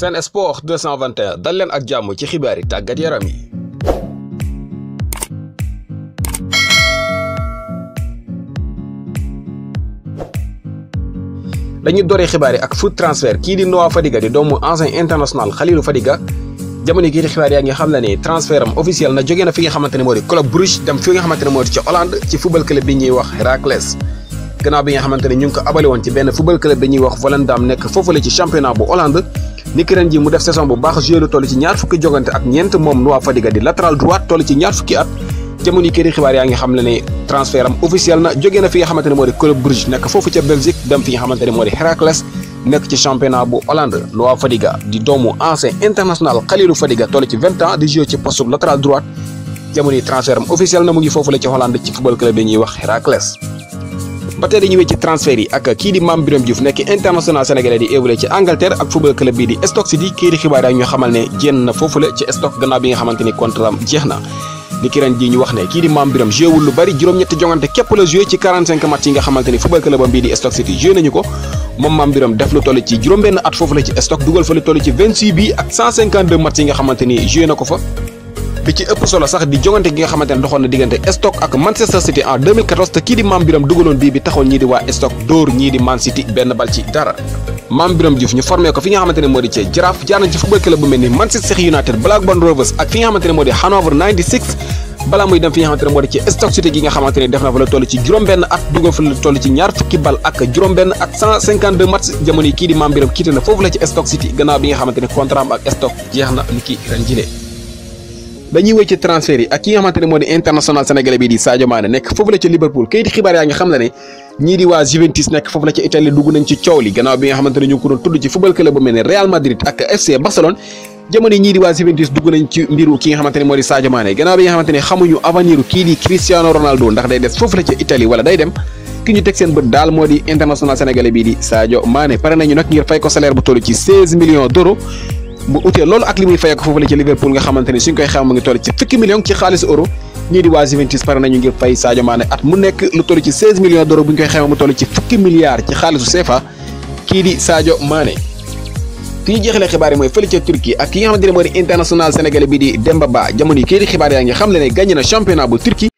seen Sport 221 dal leen ak jàmm ci xibaari tàggat yaram yi. dañu dore xibaar yi ak foot transfert kii di Noah Fadiga di doomu ancien international Khalilou Fadiga jamono kii di xibaar yaa ngi xam la ne transfert am officiel na jóge na fi nga xamante ne moo di club Bruges dem fi nga xamante ne moo di ci Hollande ci football club bi ñuy wax Heracles. gannaaw bi nga xamante ne ñu ngi ko abale woon ci benn football club bi ñuy wax Volendam nekk foofu la ci championnat bu Hollande niki ji mu def saison bu baax joué lu toll ci ñaar fukki jogante ak ñeent moom Noah Fadiga di latéral droite toll ci ñaar fukki at jamono këri xibaar yaa ngi xam ne ne transfert am officiel na jóge na fi nga xamante ne moo di Club Bruges nekk foofu ca Belgique dem fi nga xamante ne moo di Heracles nekk ci championnat bu Hollande Noah Fadiga di doomu ancien international Khalilou Fadiga toll ci vingt ans di joué ci poste latéral droite jamono transfert am foofu la ci Hollande ba tey dañu wéy ci transfert yi ak kii di Mame Birame Diouf nekk international sénégalais di évolué ci Angleterre ak football club bii di Stoke xibaar yaa ñu xamal ne jénn na foofule ci Stoke gannaaw bi nga xamante ni jeex na ni ki ñu wax ne kii di Mame Birame joué lu bari juróom-ñetti jongante képp la joué ci 45 yi nga xamante ni football bii di Stoke City joué nañu ko moom Mame Birame def lu toll ci juróom-benn at foofu la ci Stoke bi ci ëpp solo sax di jongante gi nga xamante doxoon na diggante Stoke ak Manchester City en te kii di Mame Birame dugaloon bii bi taxoon ñii di waa Stoke dóor ñii di Man City benn bal ci dara Mame Birame Diouf ñu formé ko fi nga xamante moo di ci Jaraaf jaar na ci football club bu mel ni Manchester United Blackburn Rovers ak fi nga xamante moo di Hanover balaa muy dem fi nga xamante moo di ci Stoke City gi nga xamante def na fa la toll ci dañuy wéy ci transfert yi ak ki nga xamante ne moo di international sénégalais bii di Sadio Mané nekk foofu bi ki nga xamante ne moo di Sadio Mané gannaaw bi nga xamante ne xamuñu avenir kii di Cristiano Ronaldo ndax day des foofu la ca Italie wala nañu nag ngir fay ko salaire bu toll ci 16 millions bu uté loolu ak limuy muy fayako foofu la ci Liverpool nga xamanteni suñ koy xam mu ngi toll ci fukki millions ci euro ñi di wa Juventus par nañu ngir fay Sadio Mané at mu nekk lu toll ci 16 millions d'euros buñ koy xam mu toll ci fukki milliards ci xaalisu cefa ki di Sadio Mané ki ñu xibaar yi mooy fële ca ak ki nga xamanteni moy international sénégalais bi di Demba Ba jamono ki di xibaar ya nga xam gagné na championnat bu Turki.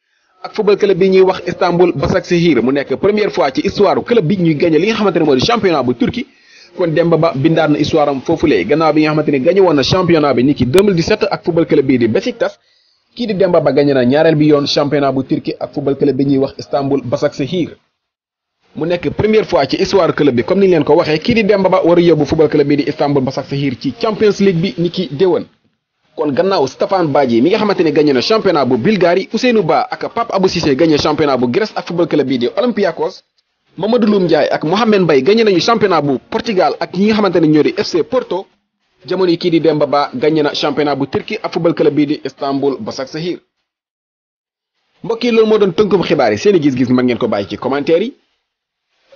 ak football club bi ñuy wax Istanbul Basaksehir mu nekk première fois ci histoire club bi ñuy gagné li nga xamanteni moy championnat bu turki kon demba ba bindar na histoire am foofule gannaaw bi nga xamanteni gagné won na championnat bi niki 2017 ak football club bi di Besiktas ki di demba ba gagné na ñaarel bi yon championnat bu turki ak football club bi ñi wax istanbul basaksehir mu nek première fois ci histoire club bi comme ni leen ko waxee ki di demba ba wara yobbu football club bi di istanbul basaksehir ci champions league bi niki déwén kon gannaaw Stefan Badji mi nga xamanteni gagné na championnat bu Bulgarie Ousseynou Ba ak Pape Abou Cissé gagné championnat bu Grèce ak football club bi di Olympiakos Mamadou Loum Ndiaye ak Mohamed Mbaye gagné nañu championnat bu Portugal ak ñi nga xamante ne ñoo di FC Porto jamono yi kii di dem Ba ba gagné na championnat bu Turquie ak football club bii di Istanbul Basaksehir mbokk yi loolu moo doon tënkum xibaar yi seeni gis-gis man ngeen ko bàyyi ci commentaire yi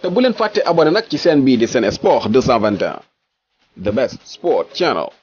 te bu leen fàtte abonné nag ci seen bii di Sen Sport 221 the best sport channel.